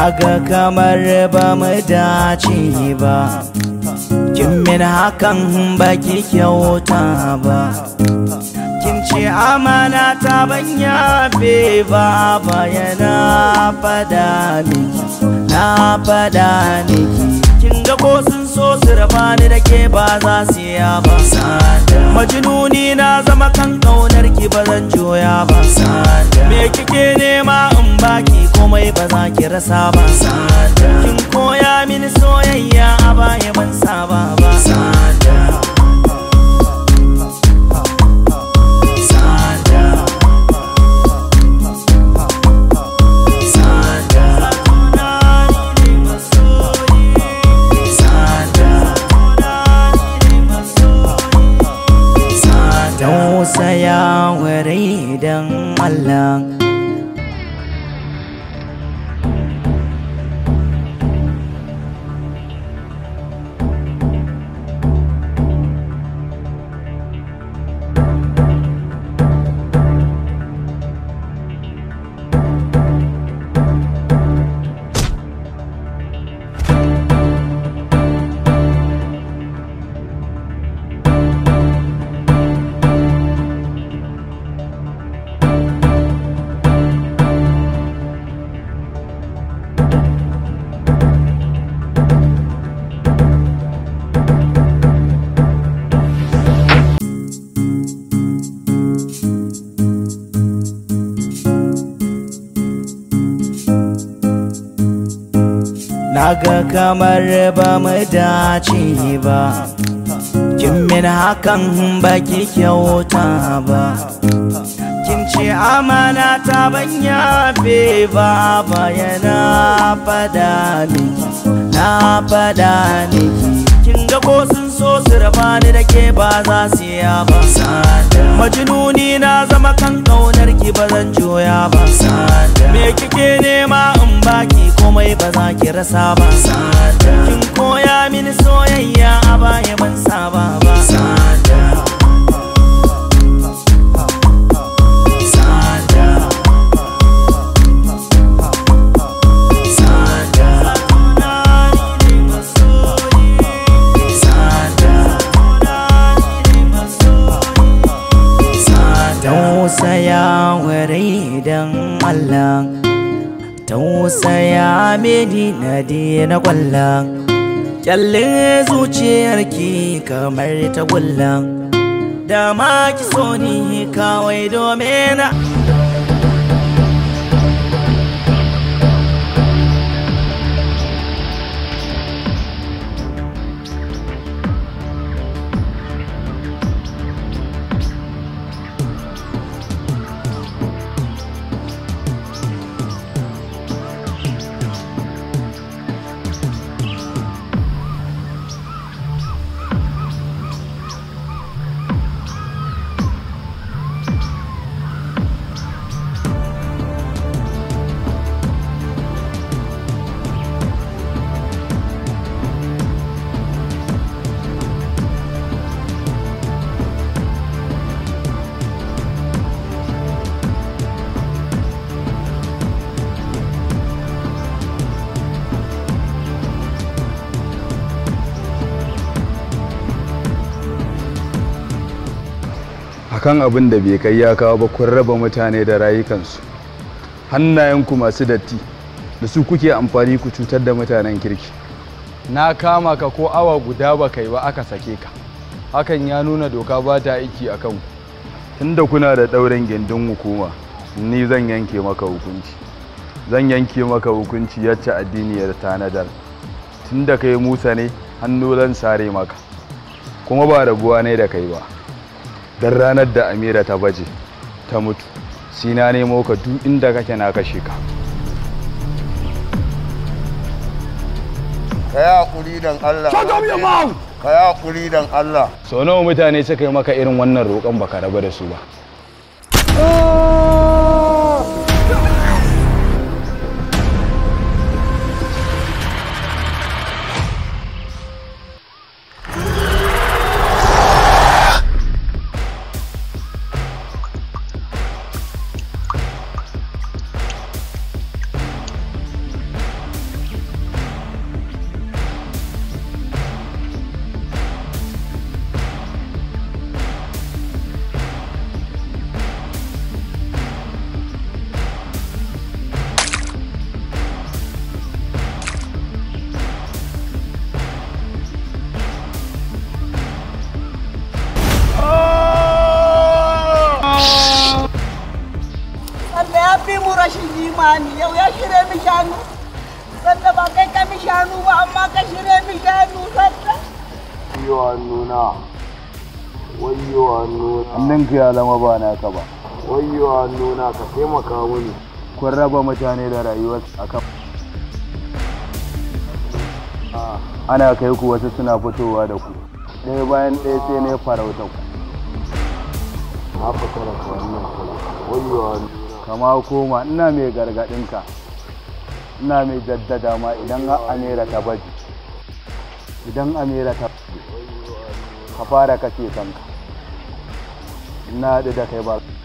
kaga kamar ba mu dace ba kin min hakan ba ki kyauta ba kin ce amana ta ban yafe ba bayana fada na fada ni kin ga ko su so su raba ni da ke ba za su ya ba majinuni na zama kan kaunar ki ba zan joya ba me kike nema in ba ki komai ba za ki rasa ba kin koya mini soyayya a baya ban saba ba anh làng aga kamar ba mu dace ba kin min hakan ba ki kyauta ba kin ce amana ta ban yafe ba bayana fada ni na fada ni kin ga ko so su ni da ke ba za su ya ba majinuni na zama kan kaunar ki ba zan joya ba me kike nema in ba ki komai ba za ki rasa ba kin koya mini soyayya a baya ban saba ba kwallon tausaya mini na dina kwallon kyalle zuciyarki kamar ta gullan da ma ki so ni kawai domin akan abin da bai kai ya kawo ba kun raba mutane da rayukansu hannayenku masu datti da su kuke amfani ku cutar da mutanen kirki na kama ka ko awa guda ba kai ba aka sake ka hakan ya nuna doka ba ta aiki a kanku tunda kuna da ɗaurin gindin hukuma ni zan yanke maka hukunci zan yanke maka hukunci yacce addini ya tanadar tunda kai musa ne hannu zan sare maka kuma ba rabuwa ne da kai ba dan ranar da amira ta baje ta mutu sina nemo ka duk inda kake na kashe ka dan Allah shut up allah ka kaya haƙuri dan allah so nawa mutane suka yi maka irin wannan roƙon baka raba da su ba oh. kun raba mutane da rayuwar kan ah, ana kai ku wasu suna fitowa da ku ɗaya bayan ɗaya sai ne farauta ku na fita da wannan kula kama koma ina mai gargaɗinka ina mai jaddada ma idan amera ta baji idan amera ta ka fara kashe kanka ina haɗu da kai ba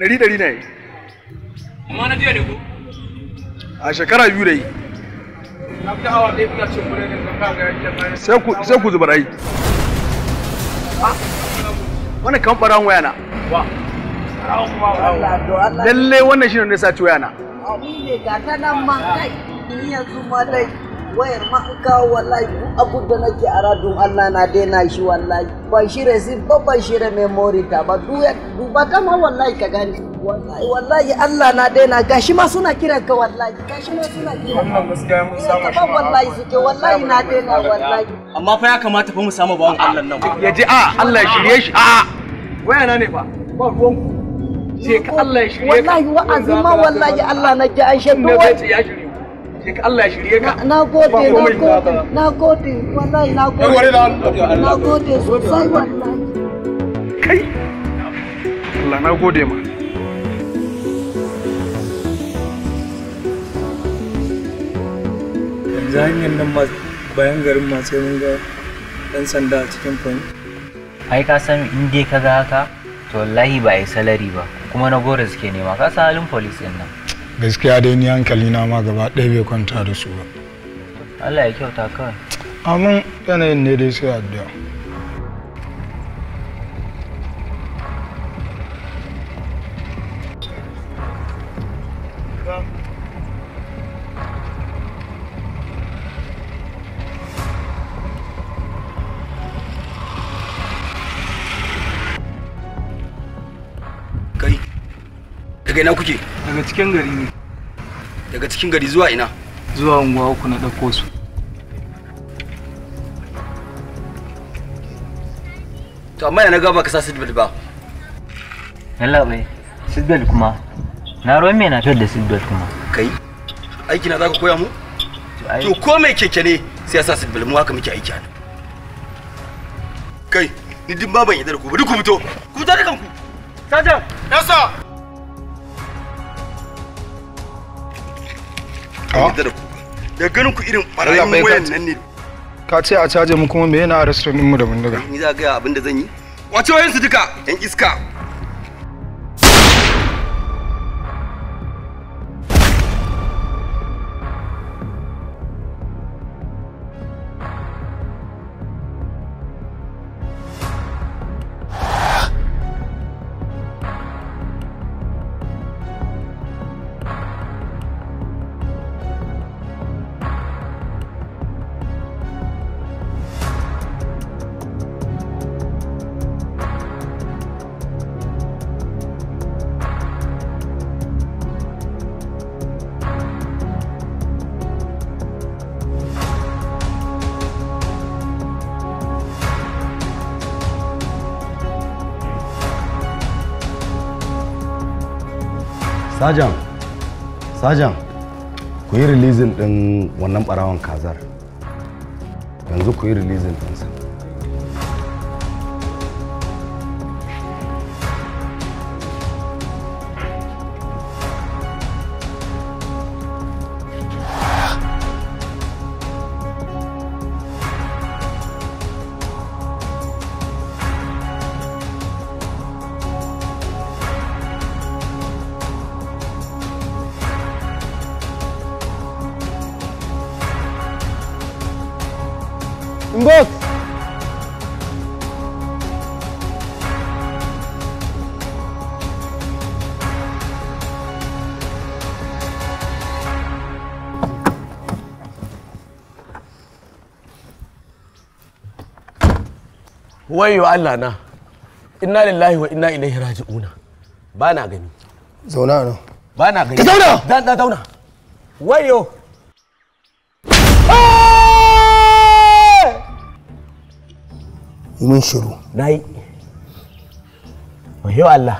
ɗari ɗari na amma na ne ko a shekara biyu da yi sai ku zuba wani kan ɓaran lalle wannan shi ne ni ne ga ta nan man kai ni yanzu ma dai wayar ma in kawo wallahi abu da nake a radun Allah na daina shi wallahi ban shirya si ba ban shirya memory ta ba duba ka ma wallahi ka gani wallahi wallahi Allah na daina gashi ma suna kiran ka wallahi gashi ma suna kiran ka gaskiya eh, samu wallahi suke wallahi na daina wallahi amma fa ya kamata fa mu samu bawon Allah nan ya ji a ah, Allah ya shirye shi a ah, wayana ne ba ba ruwan ku sai ka Allah ya shirye ka wallahi wa'azi ma wallahi Allah na ji an shirye sai ka Allah ya shirye ka na gode na gode na gode wallahi na gode na gode sosai wallahi kai Allah na gode ma yanzu hanyar nan bayan garin ma sai mun ga dan sanda a cikin kwani ai ka san in dai ka ga haka to wallahi ba ai salari ba kuma na gore suke nema ka san halin police din nan gaskiya dai ni hankali na ma gaba ɗaya bai kwanta da su ba Allah ya kyauta kawai Amin yanayin ne dai sai addu'a daga ina kuke daga cikin gari ne daga cikin gari zuwa ina zuwa unguwa uku na ɗauko su to amma yana gaba ka sa sidbel ba yalla bai sidbel kuma na ruwan mai na fitar da sidbel kuma kai aiki na zaka koya mu to ko mai keke ne sai ya sa sidbel mu haka muke aiki a kai ni duk baban yadda ku bari ku fito ku ta da kanku sajan yasa Ah. da ganin ku irin ɓarayin wayan nan ne ka ce a caje mu kuma me yana a mu da bindiga ni za ga abin da zan yi wace yin su duka yan iska Sajan, Sajan, ku yi releasing ɗin wannan ɓarawan kazar. Yanzu ku yi releasing ɗinsa. wayo Allah na inna lillahi wa inna ilaihi raji'una ba na gani zauna nan ba na gani ka zauna dan da zauna wayo mun shiru nayi wayo Allah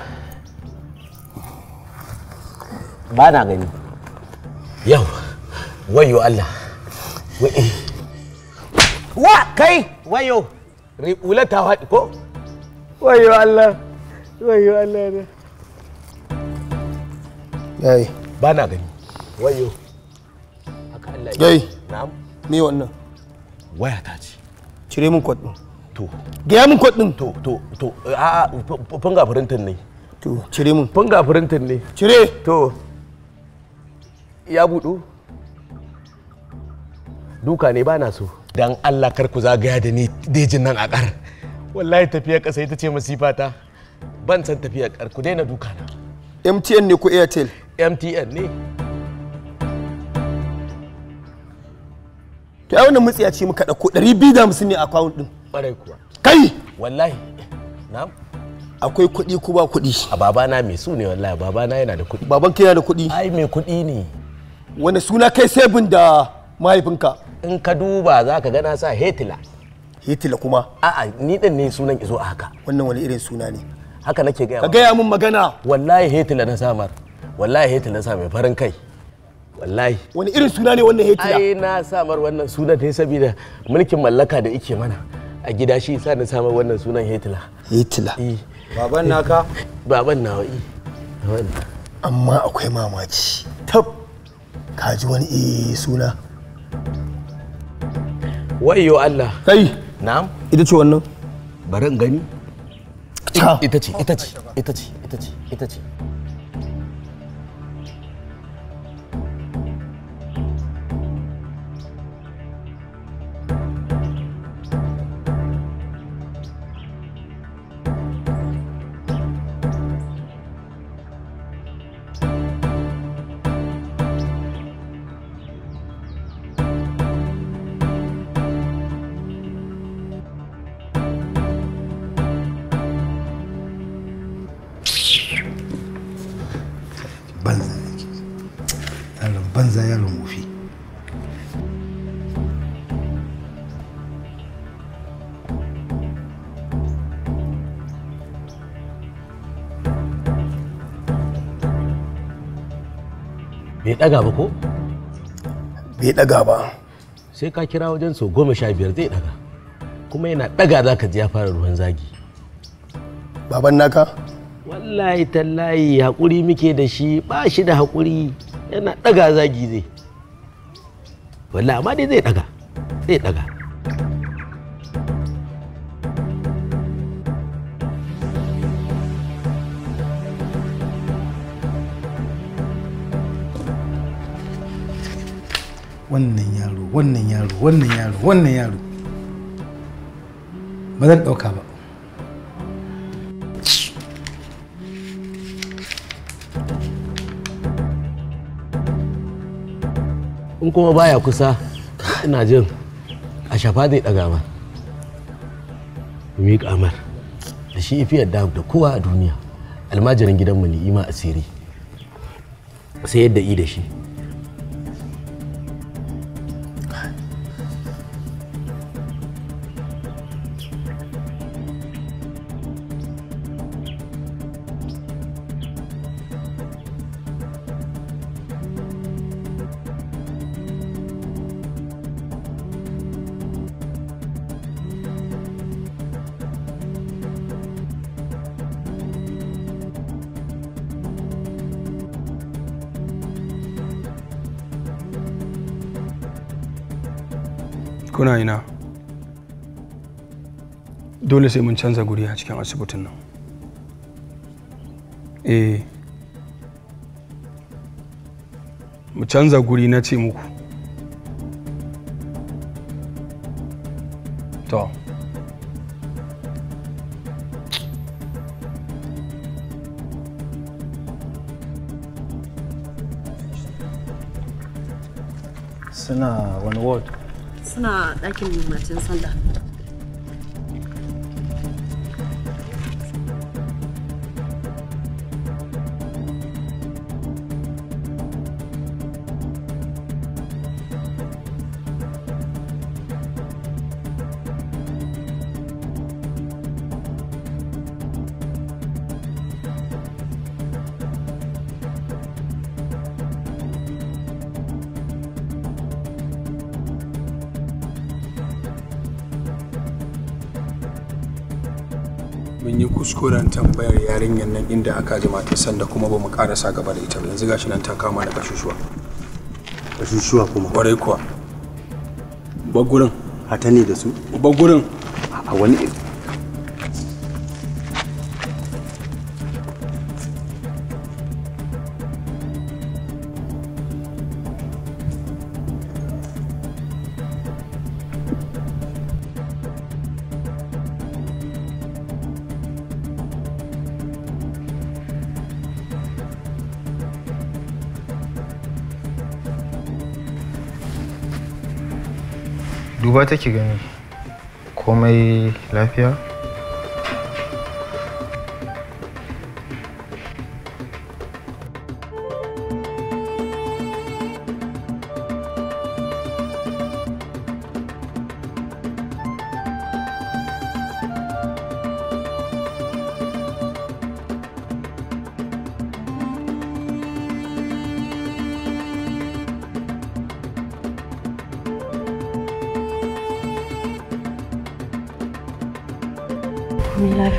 ba na gani yau wayo Allah wa eh. kai wayo Riɓular ta faɗi ko? Wayo Allah, wayo Allah ne. Yayi. Ba na gani. Wayo. Haka Allah Yayi. Na'am. Me wannan? Waya ta ce. Cire min kwat ɗin. To. Gaya min kwat ɗin. To, to, to. A'a, funga firintin ne. To, cire min. Funga firintin ne. Cire. To. Ya buɗu. Duka ne ba na so. dan Allah kar ku zagaya da ni dejin nan a kar wallahi tafiya ƙasa ita ce masifa ta ban san tafiya kar ku daina duka na MTN ne ku Airtel MTN ne to ai wannan mutsiya ce muka dauko 250 ne account din barai kuwa kai wallahi na'am akwai kuɗi ko ba kuɗi a babana mai su ne wallahi babana yana da kuɗi baban kai yana da kuɗi ai mai kuɗi ne wani suna kai sebin da mahaifinka in ka duba za ka gana sa hetila. hetila kuma a'a ni din ne sunan izo a haka wannan wani irin suna ne haka nake gaya ka gaya mun magana wallahi hetila na samar wallahi hetila na sa mai farin kai wallahi wani irin suna ne wannan hetila. ai na samar wannan sunan ne saboda mulkin mallaka da yake mana a gida shi sa na samar wannan sunan hetila. hetila baban naka baban nawa amma akwai mamaci tab kaji wani eh, suna wayo Allah kai na'am ita ce wannan bari in gani ita ce ita ce ita ce ita ce ita ce daga ba ko bai daga ba sai ka kira wajen sau goma sha biyar zai daga kuma yana daga za ka ji ya fara ruwan zagi baban naka wallahi tallahi haƙuri muke da shi ba shi da haƙuri yana daga zagi zai wallahi amma dai zai daga zai daga wannan yaro wannan yaro wannan yaro ba zan ɗauka ba in kuma baya kusa ina jin a shafa zai ɗaga ma mi kamar da shi ifiyar da da kowa a duniya almajirin gidanmu ne ima asiri sai yadda i da shi sai mun canza guri a cikin asibitin nan eh mu canza guri na ce muku to suna wani ward suna ɗakin matin sallah yi kuskuren tambayar yarinyar nan inda aka jima ta sanda kuma ba mu karasa gaba da ita ba yanzu gashi nan ta kama da kashushuwa kashushuwa kuma kwarai kuwa bagurin hata ne da su bagurin a wani duba take gani komai lafiya alhamdulillah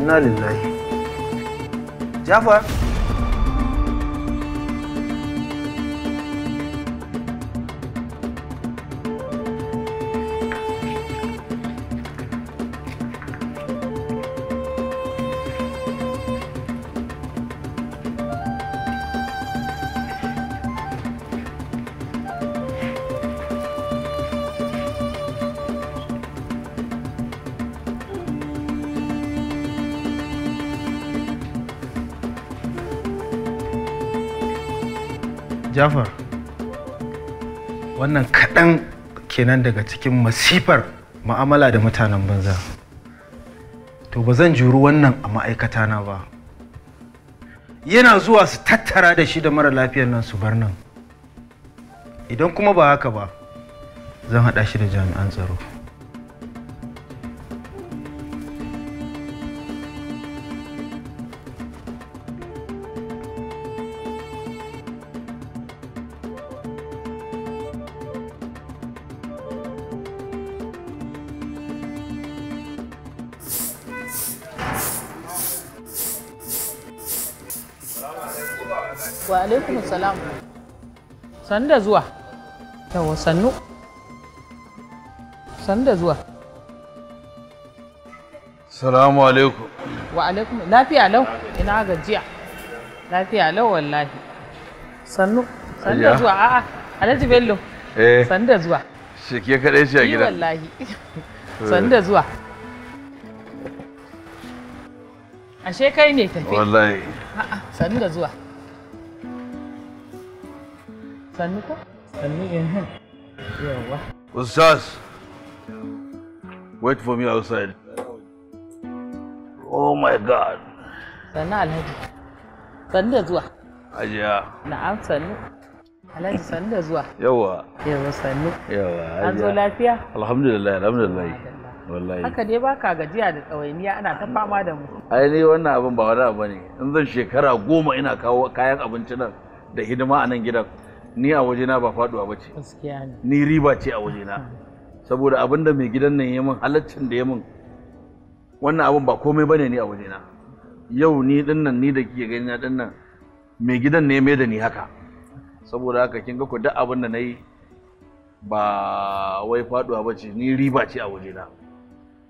Inna lillahi. wannan kaɗan kenan daga cikin masifar ma'amala da mutanen banza to ba zan juru wannan a ma'aikata na ba yana zuwa su tattara da shi da mara lafiyar nan su bar nan idan kuma ba haka ba zan haɗa shi da jami'an tsaro wa alaikum salam san da zuwa yawa sannu Sanda zuwa salamu alaikum wa alaikum lafiya lau ina gajiya lafiya lau wallahi sannu Sanda zuwa a'a alhaji bello eh Sanda zuwa Sheke kadai ce a gida wallahi eh. Sanda zuwa ashe kai ne tafi wallahi A'a sanda zuwa sannu ko sannu eh yawa wait for me outside oh my god sannu alhaji sannu da zuwa ajiya na'am sannu Alhaji sannu da zuwa. Yawa. Yawa sannu. Yawa. An zo lafiya? Alhamdulillah, alhamdulillah. Wallahi. Haka dai baka gajiya da tsawainiya ana ta fama da mu. Ai ni wannan abin ba wani abu ne. In zan shekara goma ina kawo kayan abinci nan da hidima a nan gidan. ni a wajena ba faduwa ba ce ni riba ce a wajena hmm. saboda abin da mai gidan nan ya min halaccin da ya min wannan abin ba komai bane ni a wajena yau ni dinnan ni da ke gani na dinnan mai gidan ne mai da ni haka saboda haka kin ga ku duk abin da na yi ba wai faduwa ba ce ni riba ce a wajena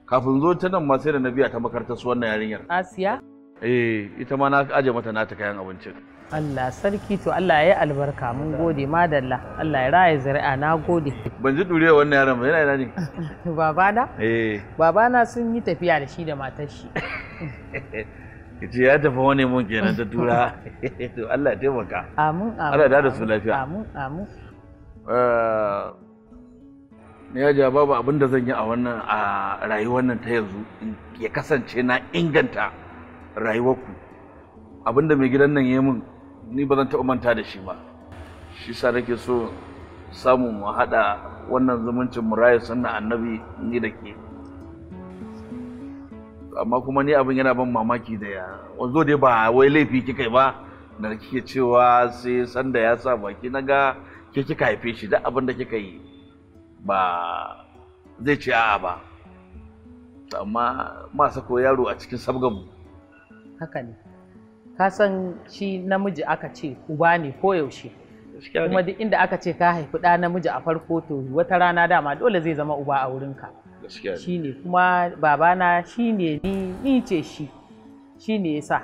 kafin zo ta nan ma sai da na biya ta makarta su wannan yarinyar asiya eh ita ma na aje mata na ta kayan abincin Allah sarki to Allah ya yi albarka mun gode madalla Allah ya raya zari'a na gode. Ban ji ɗurewa wannan yaron ba yana yana ne. Babana? Eh. Babana sun yi tafiya da shi da matar shi. Kice ya tafi wani mun kenan ta tura. To Allah ya taimaka. Amin amin. Allah ya da su lafiya. Amin amin. Ni eh, ya babu abin da zan yi a wannan a rayuwar nan ta yanzu ya kasance na inganta rayuwarku da mai gidan nan ya yi min ni ba zan taɓa manta da shi ba shi sa nake so samu mu haɗa wannan zumuncin mu raye sunna annabi ni da ke amma kuma ni abin yana ban mamaki da ya wanzo dai ba wai laifi kika ba da kike cewa sai sanda ya sa baki na ga ke kika haife shi duk abin da kika yi ba zai ce a'a ba amma masa sako yaro a cikin sabgan haka ne ka san shi namiji aka ce uba ne ko yaushe kuma duk inda aka ce ka haifi ɗa namiji a farko to wata rana dama dole zai zama uba a wurinka shi ne kuma babana shi ne ni ni ce shi shi ne ya sa,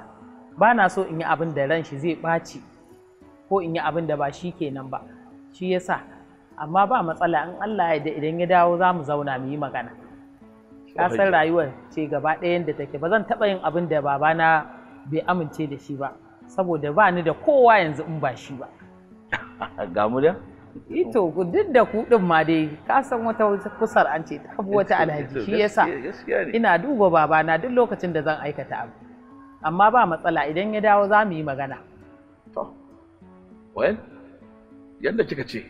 ba na so in yi abin da ran shi zai ɓaci ko in yi abin da ba shi kenan ba shi ya sa, amma ba matsala in Allah ya idan ya dawo za mu zauna mu yi magana ka san rayuwar ce gaba ɗayan da take ba zan taɓa yin abin da babana bai amince da shi ba saboda ba ni da kowa yanzu in ba shi ba ga mu da ito duk da ku ma dai ka san wata kusar an ce ta wata alhaji shi yasa ina duba babana duk lokacin da zan aikata abu amma ba matsala idan ya dawo za mu yi magana to well yadda kika ce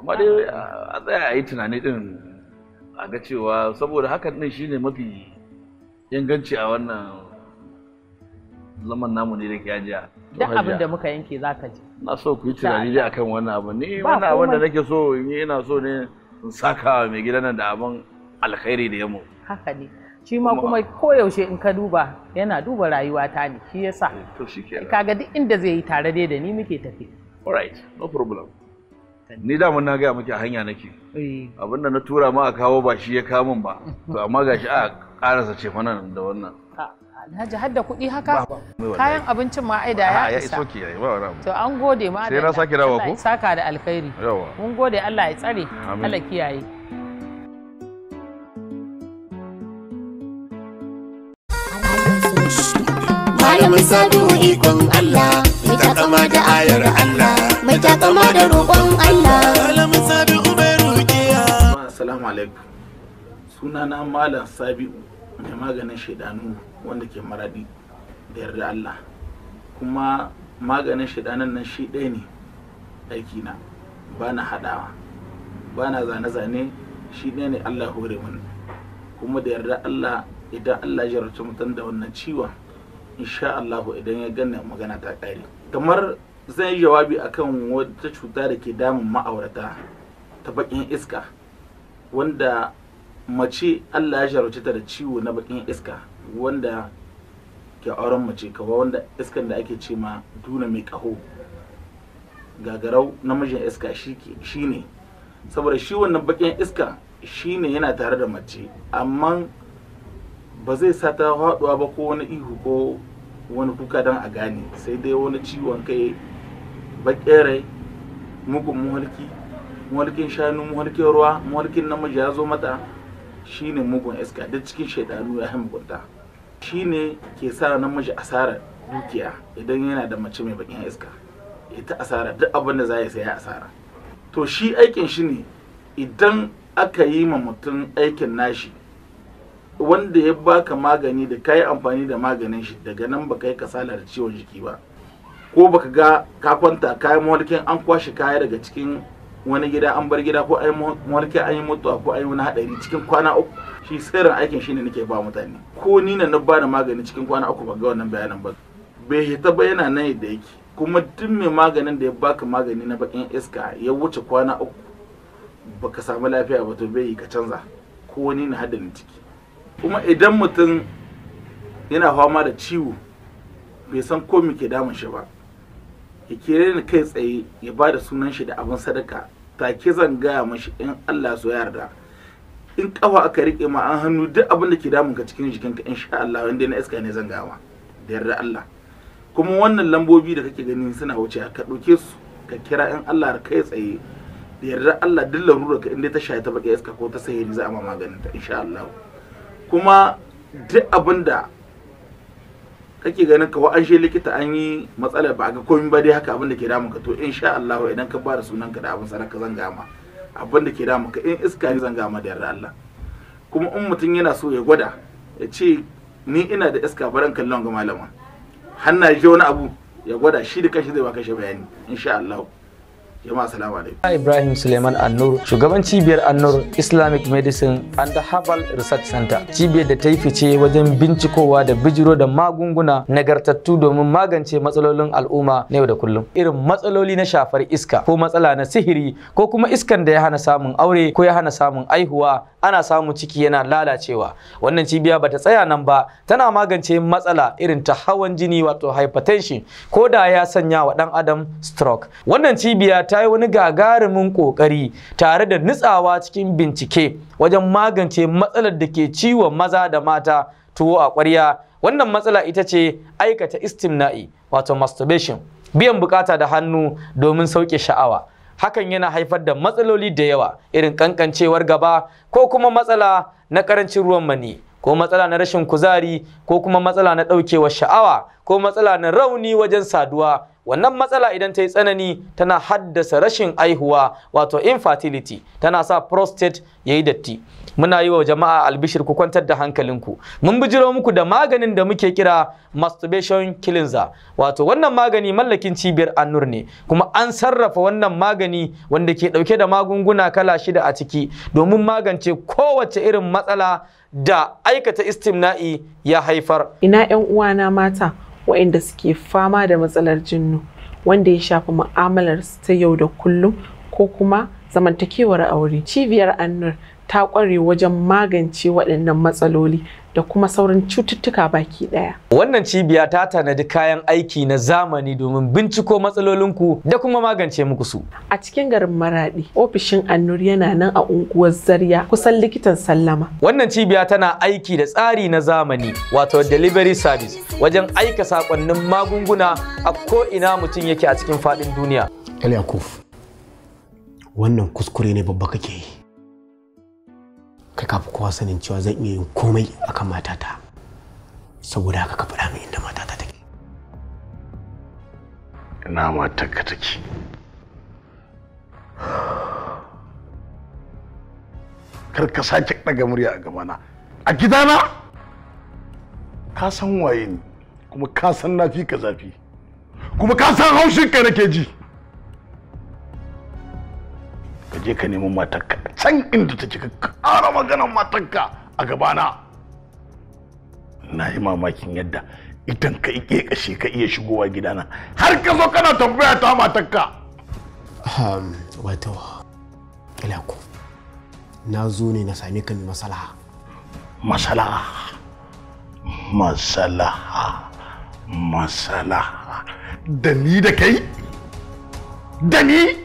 amma dai a tsaya a yi tunani din a ga cewa saboda hakan din shine mafi inganci a wannan zaman namu ne da ke ajiya. Duk abin da muka yanke za ka ji. Na so ku yi tunani dai akan wannan abu ne wannan abin da nake so ni ina so ne in saka mai gidan nan da abin alkhairi da yamo. Haka ne. Shi ma kuma koyaushe in ka duba yana duba rayuwa ta ne shi yasa. Eh, to shi kenan. Kaga duk inda zai yi tare dai da ni muke tafi. Alright, no problem. ni da mun na gaya muke a hanya nake eh. abin da na tura ma a kawo ba shi ya kawo min ba to amma gashi a karasa ce da wannan alhaji har da kuɗi haka kayan abincin ma ai da ya isa to an gode ma sai na sake dawa ko saka da alkhairi mun gode Allah ya tsare Allah kiyaye Malamin sadu ikon Allah, mai takama da ayar Allah, mai takama da roƙon Allah. Malamin sadu ubai rukiya. Assalamu alaikum. Sunana Malam Sabi'u mai maganin shaidanu wanda ke maradi da yarda Allah kuma maganin shaidanan nan shi ɗaya ne aikina ba na haɗawa ba na zane-zane shi ɗaya ne Allah hore wani, kuma da yarda Allah idan Allah ya jarabta mutum da wannan ciwon insha Allah idan ya ganna magana ta ƙare kamar zan yi jawabi akan wata cuta da ke damun ma'aurata ta bakin iska wanda mace Allah ya jarauce ta da ciwo na bakin iska wanda ke auren mace kawai wanda iskan da ake ce ma duna mai kaho gagarau namijin iska shi ne saboda shi wannan bakin iska shine ne yana tare da mace amma ba zai sa ta haɗuwa ba ko wani ihu ko wani kuka don a gane sai dai wani ciwon kai bakin rai mugun muhalki muhalkin shanu muhalkin ruwa muhalkin namiji ya zo mata shine mugun iska duk cikin shaidanu ya hambuta shine ke sa miji asara dukiya idan yana da mace mai bakin iska ita asara duk abin da za ya saya asara to shi aikin shi ne idan aka yi ma mutum aikin nashi wanda ya baka magani da kayi amfani da maganin shi daga nan baka yi kasala da ciwon jiki ba ko baka ga ka kwanta kayan mawalkin an kwashe kaya daga cikin wani gida an bar gida ko ayi yi mulki an yi mutuwa ko ayi wani haɗari cikin kwana uku shi sirrin aikin shine nake ba mutane ko ni na na bada magani cikin kwana uku ba ga wannan bayanan ba bai hita ba yana nan yadda yake kuma duk mai maganin da ya baka magani na bakin iska ya wuce kwana uku baka samu lafiya ba to bai yi ka canza ko wani na haɗarin ciki kuma idan mutum yana fama da ciwo bai san ko me ke damun shi ba ya kere ni kai tsaye ya ba da sunan shi da abin sadaka take zan gaya mashi in Allah so yarda in kafa aka rike ma an hannu duk abin da ke damun ka cikin jikinka insha Allah wanda na iska ne zan gawa da yarda Allah kuma wannan lambobi da kake gani suna wuce ka ɗauke su ka kira in Allah kai tsaye da yarda Allah duk larura ka inda ta shaye ta baka iska ko ta sahiri za a ma maganin ta insha Allah kuma duk abin da kake ganin ka an she likita an yi matsalar ba ga komai ba dai haka abin da ke damun ka to insha Allah idan ka bada sunan ka da abin sadaka zan gama abin da ke damun ka in iska ne zan gama da yarda Allah kuma in mutum yana so ya gwada ya ce ni ina da iska baran kallon ga malama hanna je wani abu ya gwada shi da kashi zai baka shi bayani insha Allah jama'a Ibrahim Suleiman Annur shugaban cibiyar Annur Islamic Medicine and Herbal Research Center cibiyar da ta yi fice wajen bincikowa da bijiro da magunguna nagartattu domin magance matsalolin al'umma na yau da kullum irin matsaloli na shafar iska ko matsala na sihiri ko kuma iskan da ya hana samun aure ko ya hana samun aihuwa ana samun ciki yana lalacewa wannan cibiya ta tsaya nan ba tana magance matsala irin ta hawan jini wato hypertension ko da ya sanya wa ɗan adam stroke wannan cibiya ta yi wani gagarumin ƙoƙari tare da nutsawa cikin bincike wajen magance matsalar da ke ciwon maza da mata tuwo a ƙwarya wannan matsala ita ce aikata istimna'i wato masturbation biyan bukata da hannu domin sauke sha'awa hakan yana haifar da matsaloli da yawa irin kankancewar gaba ko kuma matsala na ƙarancin ruwan mani ko matsala na rashin kuzari ko kuma matsala na ɗaukewar sha'awa ko matsala na rauni wajen saduwa wannan matsala idan ta yi tsanani tana haddasa rashin aihuwa wato infertility tana sa prostate ya yi datti muna yi wa jama'a albishir ku kwantar da hankalinku mun bijiro muku da maganin da muke kira masturbation cleanser wato wannan magani mallakin cibiyar annur ne kuma an sarrafa wannan magani wanda ke dauke da magunguna kala shida a ciki domin magance kowace irin matsala da aikata istimna'i ya haifar. Ina 'yan uwana mata waɗanda suke fama da matsalar jinnu wanda ya shafi mu'amalar ta yau da kullum ko kuma zamantakewar aure. Cibiyar Annur ta kware wajen magance waɗannan matsaloli da kuma sauran cututtuka baki ɗaya. Wannan cibiya ta tanadi kayan aiki na zamani domin binciko matsalolinku da kuma magance muku su. A cikin garin Maraɗi, ofishin Annur yana nan a unguwar Zarya kusan likitan Sallama. Wannan cibiya tana aiki da tsari na zamani wato delivery service wajen aika sakonnin magunguna a ko ina mutum yake a cikin faɗin duniya. Eliakuf, wannan kuskure ne babba kake yi. kai kafi kowa sanin cewa zan iya yin komai akan matata saboda haka ka faɗa min inda matata take ina matarka take kar ka sake ɗaga murya a gabana a gidana ka san waye ni kuma ka san na fi ka zafi kuma ka san haushinka nake ji je ka neman matarka can inda ta ka ƙara maganar matarka a gabana na yi mamakin yadda idan ka iya kashe ka iya shigowa gidana har ka zo kana tambaya ta matarka wato ilaku na zo ne na same ka masalaha masalaha masalaha masalaha da ni da kai da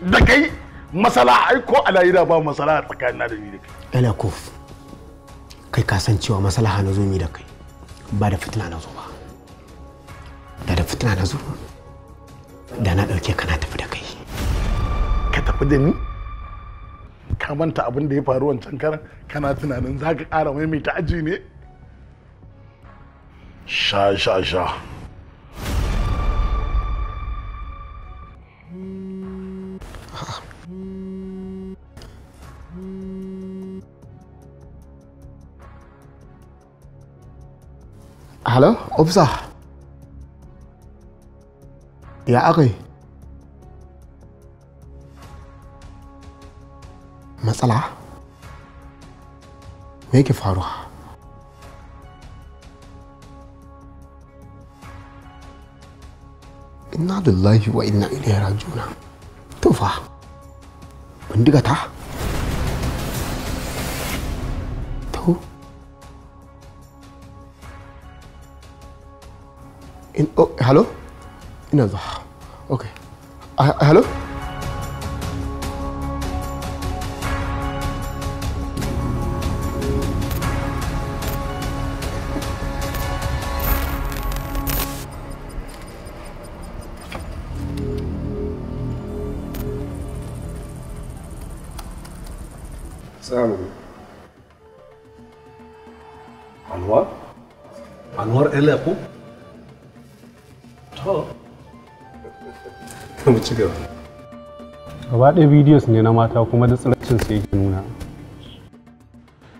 da kai masala ai ko alayira ba masala tsakanin na da ni da kai ina kuf kai ka san cewa masala na zo ni da kai ba da fitina na ba da da fitina na da na dauke ka na tafi da kai ka tafi da ni ka manta abin da ya faru wancan karan kana tunanin za ka ƙara ta aji ne sha sha sha Halo, Officer. Ya akai Matsala? Me yake faruwa? Inna lillahi wa inna ilaihi raji'un. Tufa. Bindiga ta? oh hello ina zuwa okay ah, ah, hello Anwar? Anwar Ele ci gaba gaba ɗaya bidiyos ne na mata kuma da tsiracin sai yake nuna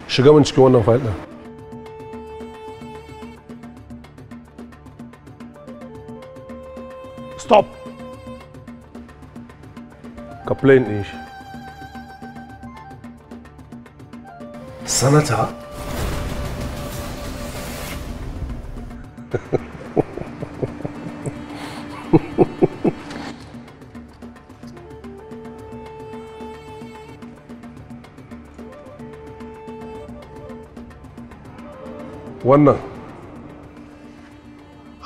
shiga min cikin wannan fayil ɗin stop ka ɗin shi sanata wannan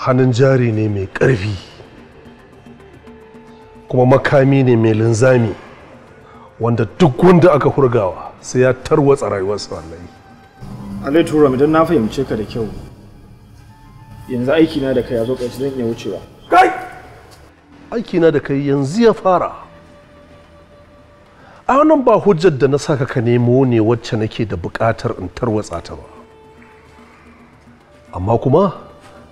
hannun jari ne mai ƙarfi kuma makami ne mai linzami wanda duk wanda aka hurgawa sai ya tarwatsa rayuwarsa wallahi alai turam idan na fahimce ka da kyau yanzu aikina da kai ya zo ƙarshe zan iya wucewa kai aikina da kai yanzu ya fara a wannan ba hujjar da na saka ka nemo ne wacce nake da buƙatar in tarwatsa ta ba amma kuma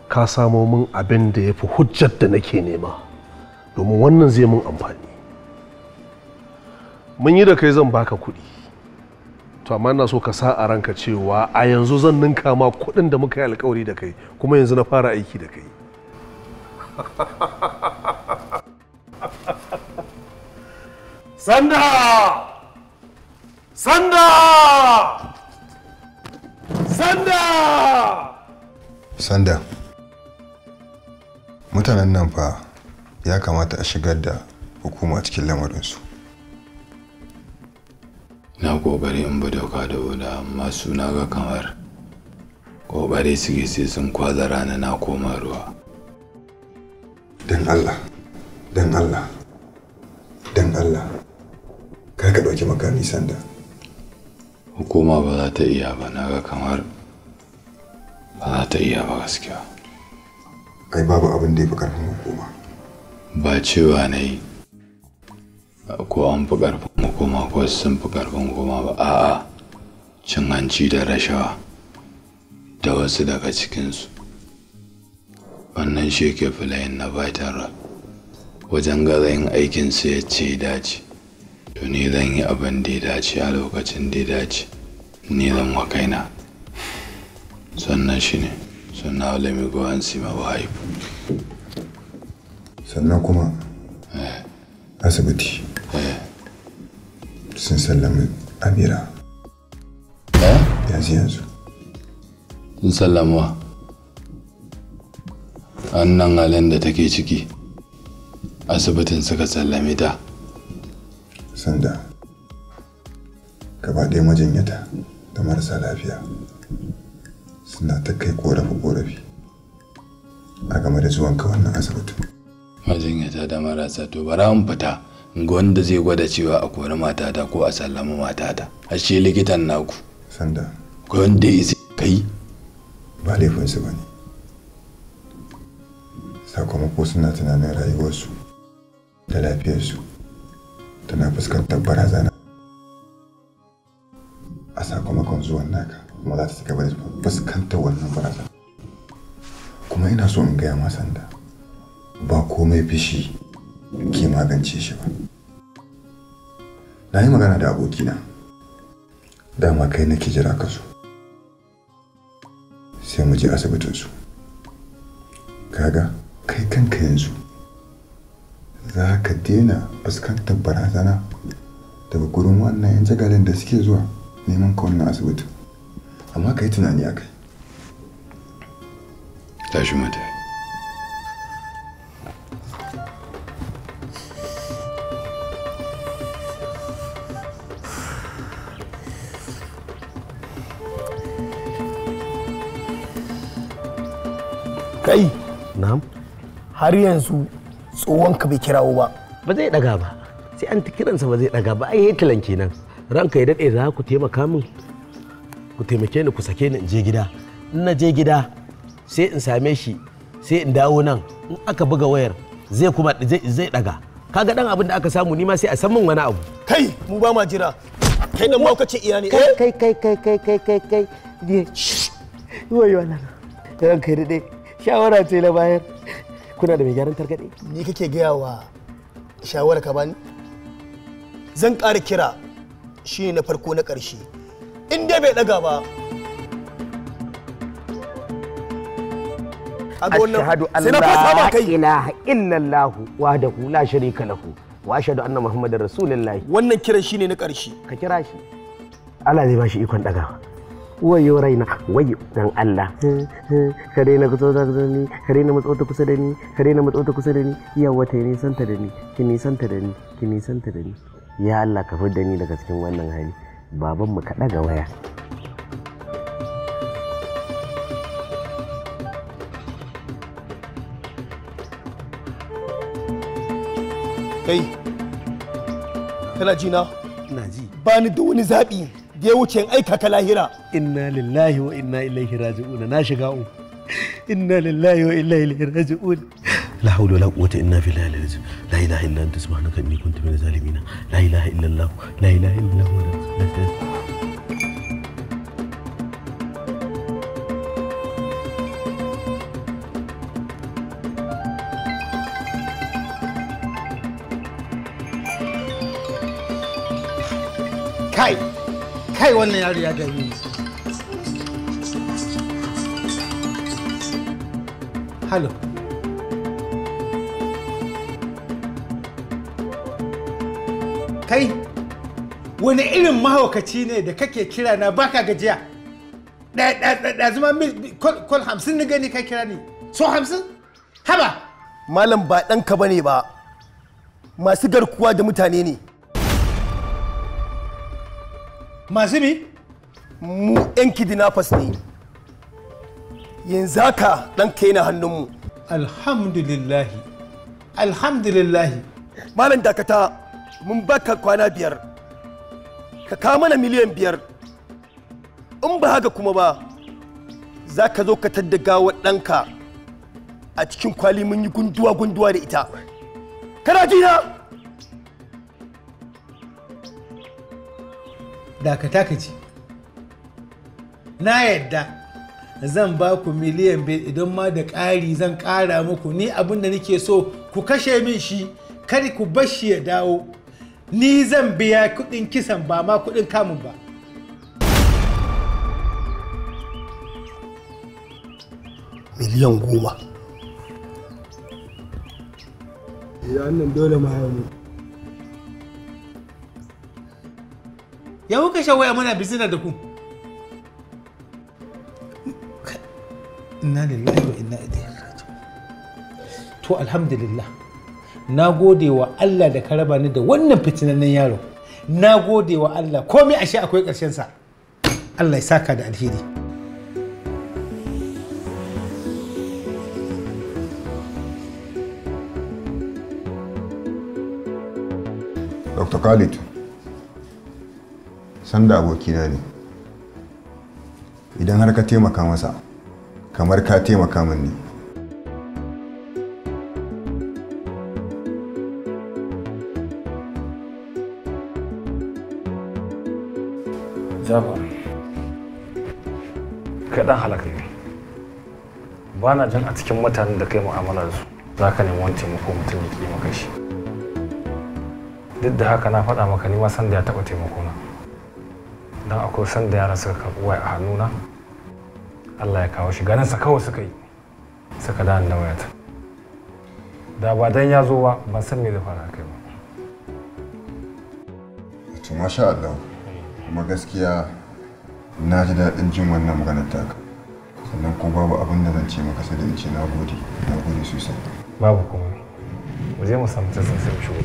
ka samo min abin da ya fi hujjar da nake nema domin wannan zai min amfani mun yi da kai zan baka kuɗi to amma ina so ka sa a ranka cewa a yanzu zan ninka ma kuɗin da muka yi alkawari da kai kuma yanzu na fara aiki da kai sanda sanda sanda sanda mutanen nan fa ya kamata a shigar da hukuma cikin lamarinsu na kokari in bi doka da wuda amma suna ga kamar kokari suke sai sun kwaza rana na koma ruwa don allah don allah don allah kar ka ɗauki makami sanda hukuma ba za ta iya ba na ga kamar ba ta iya ba gaskiya ai babu abin da ya fi karfin hukuma ba cewa na yi ko an fi karfin hukuma ko sun fi karfin hukuma ba a'a cin hanci da rashawa da wasu daga cikinsu wannan shi ke filayin na Baitarra. wajen gazayin aikinsu ya ce dace to ni zan yi abin da ya dace a lokacin da ya dace ni zan wa kaina sannan shi ne sannan alami go an sima wahayib sannan kuma eh. asibiti eh. sun sallami abira eh? ya ji yanzu sun sallama annan halin da take ciki asibitin suka sallame ta sanda gaba ɗaya majinyata da marasa lafiya suna ta kai korafi-korafi a game da zuwanka wannan asibitin. majinyata da marasa to bara in fita wanda zai gwada cewa a kori matata ko a sallama matata a shi likitan naku sanda Gwanda wanda ya kai ba laifinsu ba ne sakamako suna tunanin rayuwarsu da lafiyarsu tana fuskantar barazana a sakamakon zuwan naka kuma za ta cigaba da fuskantar wannan barazana kuma ina so in gaya ma sanda ba komai fishi ke magance shi ba na yi magana da abokina dama kai nake jira ka so sai mu je asibitinsu kaga kai kanka yanzu za ka daina fuskantar barazana daga gurin wannan 'yan jagalin da suke zuwa neman ka wannan asibitin amma ka yi tunani a kai tashi mata kai na'am har yanzu tsohon ka bai kirawo ba ba zai daga ba sai an ta kiransa ba zai daga ba ai hetilan kenan ranka ya dade za ku taimaka min ku taimake ni ku sake ni in je gida in na je gida sai in same shi sai in dawo nan in aka buga wayar zai kuma zai daga kaga dan abin da aka samu ni ma sai a san min wani abu kai mu ba ma jira kai nan ma ka ce iya ne eh? kai kai kai kai kai kai kai ne wai wannan ran kai dai shawara ce na bayar kuna da mai gyaran targade ni kake gaya wa shawara ka bani zan kara kira shi na farko na ƙarshe in dai bai daga ba ashhadu an la ilaha illallah wahdahu la sharika lahu wa ashhadu anna muhammadar rasulullahi wannan kiran ne na karshe ka kira shi Allah zai bashi ikon dagawa wayo raina wayo dan Allah ka daina kusa da ni ka daina matso ta kusa da ni ka daina matso ta kusa da ni yawa ta nisanta da ni ki nisanta da ni ki nisanta da ni ya Allah ka fidda ni daga cikin wannan hali babanmu ka ɗaga waya kai kana ji na ina ji ba ni da wani zaɓi da ya wuce in aika ka lahira inna lillahi wa inna ilaihi raji'una na shiga uku إنا لله وإنا إليه راجعون لا حول ولا قوة إلا بالله لا إله إلا أنت سبحانك إني كنت من الظالمين لا إله إلا الله لا إله إلا هو كاي كاي wannan يا ya gani kai wani irin mahaukaci ne da kake kira na baka gajiya da zama kol hamsin na gani ka kira ni so hamsin haba malam ba ɗanka ka ne ba masu garkuwa da mutane ne masu bi mu 'yan kidnappers ne yanzu haka ɗanka yana hannunmu alhamdulillahi alhamdulillahi malam dakata mun baka kwana biyar ka kawo mana miliyan biyar in ba haka kuma ba za ka zo ka tadda gawar ɗanka a cikin kwali mun yi gunduwa-gunduwa da ita kana ji na dakata ka ce na yadda zan ba ku miliyan biyu idan ma da ƙari zan ƙara muku ni abin da nake so ku kashe min shi kar ku bashi ya dawo ni zan biya kuɗin kisan ba ma kuɗin kamun ba miliyan goma wannan dole ma ya kuka waya muna bizina da ku inna lillahi wa inna ilaihi raji'un to alhamdulillah na gode wa Allah da ka raba ni da wannan fitinannen yaro na gode wa Allah komai ashe akwai ƙarshen sa Allah ya saka da alheri Dr. Khalid sanda abokina ne idan har ka taimaka masa kamar ka taimaka min ne Jafar, kai ɗan halaka ne. Ba na jin a cikin mutanen da kai mu'amala da su za ka nemi wani taimako mutum ya ƙi maka Duk da haka na faɗa maka ni sanda ya taɓa taimako na. Don akwai sanda da yara suka karɓi waya a hannuna Allah ya kawo shi ganin sa kawai suka yi suka da da wayata da ba dan ya zo ba ban san me zai fara kai ba to masha Allah kuma gaskiya na ji daɗin jin wannan maganar taka sannan ko babu abin da zan ce maka sai da in ce na gode na gode sosai babu kuma mu je mu samu tsantsan sai mu shigo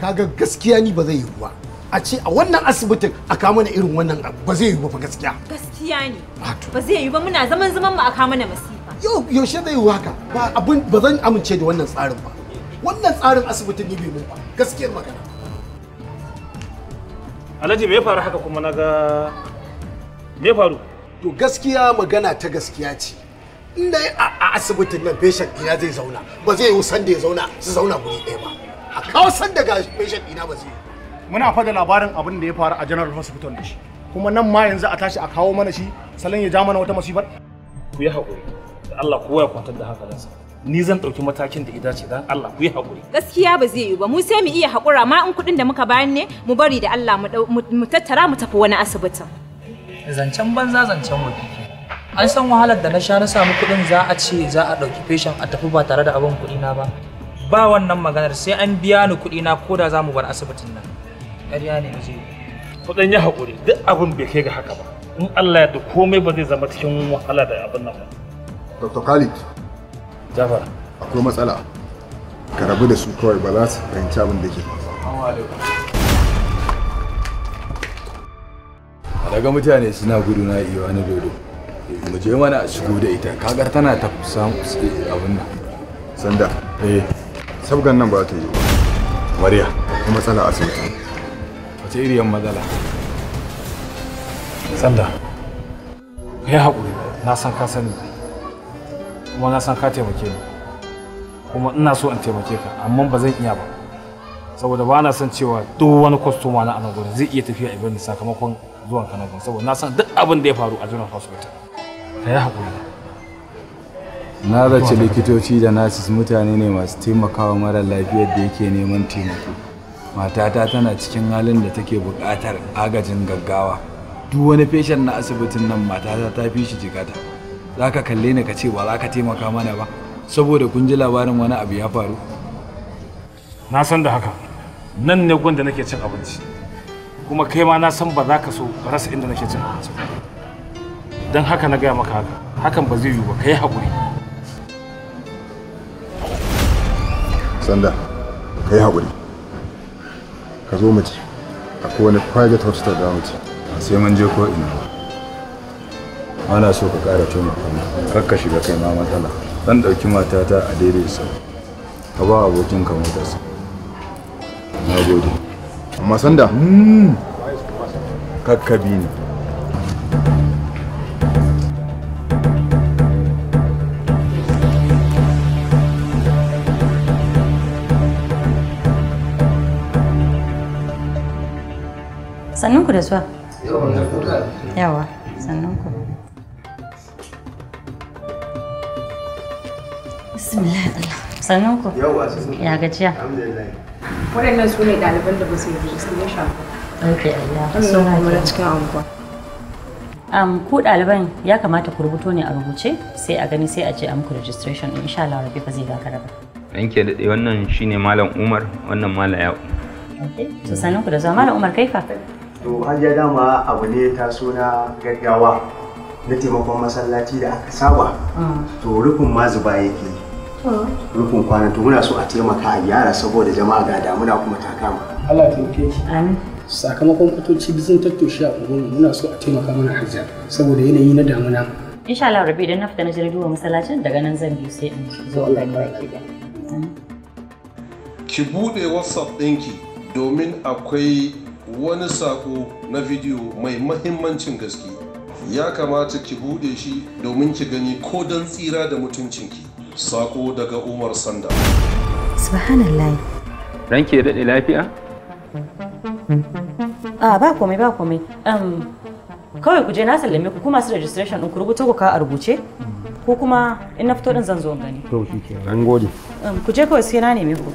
kaga gaskiya ni ba zai yi ba a ce a wannan asibitin a kama na irin wannan abu ba zai yi ba fa gaskiya gaskiya ne ba zai yi ba muna zaman zaman mu a kama na masifa yau yaushe zai yi haka ba abin ba zan amince da wannan tsarin ba wannan tsarin asibitin ni bai mun ba gaskiyar magana Alhaji me ya faru haka kuma na ga me ya faru to gaskiya magana ta gaskiya ce in dai a asibitin nan patient ina zai zauna ba zai yi san da ya zauna su zauna guri ɗaya ba a kawasar daga patient ina ba zai muna fada labarin abin da ya faru a general hospital da shi kuma nan ma yanzu a tashi a kawo mana shi salon ya ja mana wata masifar ku yi haƙuri Allah kowa ya kwantar da hankalinsa ni zan ɗauki matakin da ita ce dan Allah ku yi haƙuri. Gaskiya ba zai yi ba, mu sai mu iya haƙura ma in kuɗin da muka bayan ne mu bari da Allah mu tattara mu tafi wani asibitin. Zancen banza zancen wakili. An san wahalar da na sha na samu kuɗin za a ce za a ɗauki feshin a tafi ba tare da abin kuɗi na ba. ba wannan maganar sai an biya ni kuɗi na koda za mu bar asibitin nan ƙarya ne na zai kuɗin ya haƙuri duk abin bai kai ga haka ba in Allah ya da komai ba zai zama cikin wahala da abin nan ba Dr. Khalid Jafar akwai matsala ka rabu da su kawai ba za su fahimci abin da ke daga mutane suna gudu na iya wani dodo mu je mana a shigo da ita kagar tana ta samu eh, abin nan sanda eh sabgan nan ba ta yi ba mariya matsala asibiti wace iriyan matsala sanda kai haƙuri na san ka sani kuma na san ka taimake ni kuma ina so in taimake ka amma ba zan iya ba saboda ba na san cewa duk wani kwastoma na anan gurin zai iya tafiya a ibirni sakamakon zuwan kana na saboda na san duk abin da ya faru a jiran hospital ka yi haƙuri na zace likitoci da nasis mutane ne masu taimakawa mara lafiyar da yake neman taimako matata tana cikin halin da take buƙatar agajin gaggawa duk wani feshen na asibitin nan matata ta fi shi jikata za ka kalle ni ka ce ba za ka taimaka mana ba saboda kun ji labarin wani abu ya faru na san da haka nan ne gwanda nake cin abinci kuma kai ma na san ba za ka so rasa inda nake cin abinci don haka na gaya maka haka hakan ba zai yiwu ba ka yi haƙuri sanda ka yi haƙuri ka zo mace a akwai wani private hospital da mu sai mun je ko ina ana so ka ƙara taimaka mu kar ka shiga kai ma matsala zan ɗauki matata a daidai sa ka ba abokin ka motarsa na gode amma sanda hmm. kakkabi ne sannun ku da zuwa yawa sannun ku sannun ku ya gajiya waɗannan su ne ɗaliban da ba su yi su ne shafa ok Allah suna kuma cikin anguwa um, ku ɗaliban ya kamata ku rubuto ne a rubuce sai a gani sai a je a muku registration in sha Allah rabbi ba zai gagara ba yanke daɗe wannan shine malam Umar wannan malam Ya'u ok to sanin ku da zuwa malam Umar kai fa to hajiya dama abu ne ta suna gaggawa na taimakon masallaci da aka saba mm. to rufin ma zuba yake rufin kwana to muna so a taimaka a gyara saboda jama'a ga damuna kuma ta kama Allah taimake ki amin sakamakon kwatoci bizin tattoshi a kogon muna so a taimaka mana hajjar saboda yanayi na damuna insha Allah rabi idan na fita na wa masallacin daga nan zan biyu sai in zo Allah ya ki ki bude whatsapp ɗinki domin akwai wani sako na bidiyo mai mahimmancin gaske ya kamata ki bude shi domin ki gani ko don tsira da mutuncinki sako daga umar sanda subhanallah ranke da daɗe lafiya a ba komai ba komai kawai ku je na sallame ku kuma su registration ɗin ku rubuta ku ka a rubuce ko kuma in na fito din zan zo gani to shi ke gode ku je kawai sai na neme ku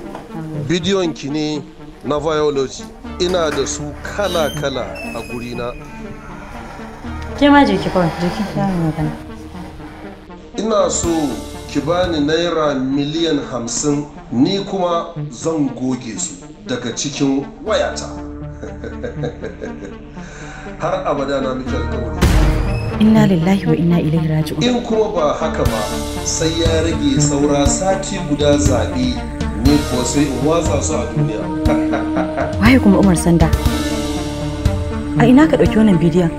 bidiyon ki ne na biology ina da su kala-kala a gurina ke ma jiki kawai jiki magana ina so ki bani naira miliyan hamsin ni kuma zan goge su daga cikin wayata har abada na miki alkawari inna lillahi wa inna ilaihi raji'un in kuma ba haka ba sai ya rage saura sati guda zaɓe ni ko sai in watsa su a duniya waye kuma umar sanda a ina ka wannan bidiyon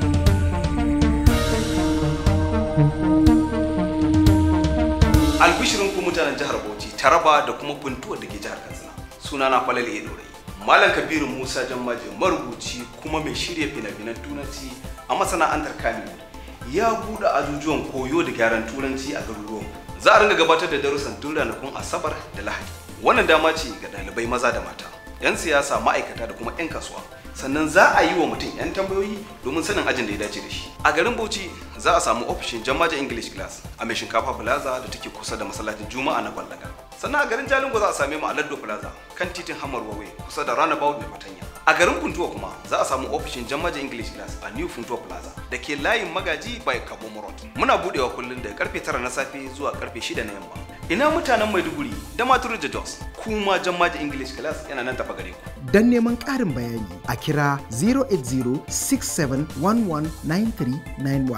albishirin ku mutanen jihar bauchi taraba da kuma puntuwa da ke jihar katsina sunana na falal ya malam kabiru musa jammaje marubuci kuma mai shirya fina-finan turanci a masana'antar kaniwood ya buɗe ajujuwan koyo da gyaran turanci a garuruwan za a ringa gabatar da darussan tun ranakun asabar da lahadi wannan dama ce ga ɗalibai maza da mata 'yan siyasa ma'aikata da kuma 'yan kasuwa sannan za a yi wa mutum 'yan tambayoyi domin sanin ajin da ya dace da shi a garin bauchi za a samu ofishin jamaja english class a mai shinkafa plaza da take kusa da masallacin juma'a na ballaga sannan a garin jalingo za a same mu a laddo plaza kan titin hamar wawe kusa da runabout mai fatanya a garin funtuwa kuma za a samu ofishin jammaja english class a new funtuwa plaza da ke layin magaji by kabo muna budewa kullum da karfe 9 na safe zuwa karfe 6 na yamma ina mutanen maiduguri da maturu da jos kuma jammaja english class yana nan tafa gare ku don neman ƙarin bayani a kira 080 9391.